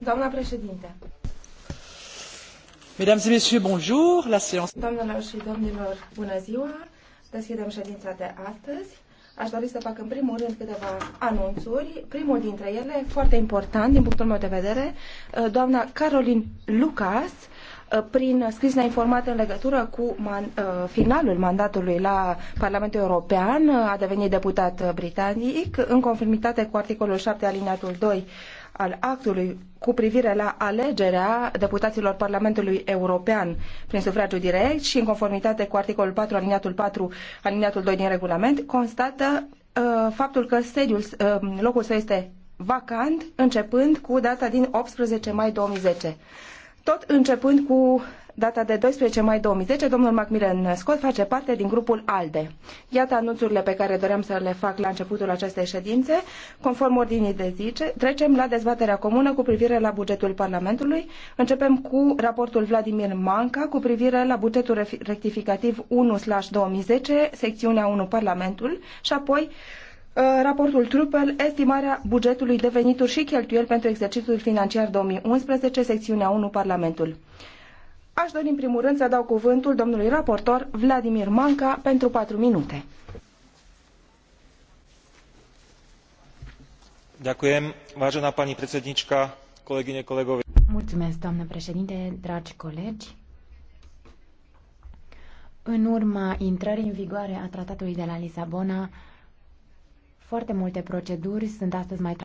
Doamna președinte. Mesdames et messieurs, bonjour. La séance... Doamnelor și domnilor, bună ziua. Deschidem ședința de astăzi. Aș dori să fac în primul rând câteva anunțuri. Primul dintre ele, foarte important din punctul meu de vedere, uh, doamna Caroline Lucas, uh, prin scris ne-a informat în legătură cu man, uh, finalul mandatului la Parlamentul European, a devenit deputat britanic, în conformitate cu articolul 7 aliniatul 2 al actului cu privire la alegerea deputaților Parlamentului European prin sufragiu direct și în conformitate cu articolul 4, aliniatul 4, aliniatul 2 din regulament, constată uh, faptul că sediul, uh, locul său este vacant începând cu data din 18 mai 2010. Tot începând cu data de 12 mai 2010, domnul Macmillan Scott face parte din grupul ALDE. Iată anunțurile pe care doream să le fac la începutul acestei ședințe. Conform ordinii de zi, trecem la dezbaterea comună cu privire la bugetul Parlamentului. Începem cu raportul Vladimir Manca cu privire la bugetul rectificativ 1-2010, secțiunea 1 Parlamentul și apoi uh, raportul Trupel, estimarea bugetului de venituri și cheltuieli pentru exercițiul financiar 2011, secțiunea 1, Parlamentul. Aș dori în primul rând să dau cuvântul domnului raportor Vladimir Manca pentru 4 minute. Ďakujem, vážená pani predsednička, kolegyne, kolegovi. Mulțumesc, doamnă președinte, dragi colegi. În urma intrării în vigoare a tratatului de la Lisabona, foarte multe proceduri sunt astăzi mai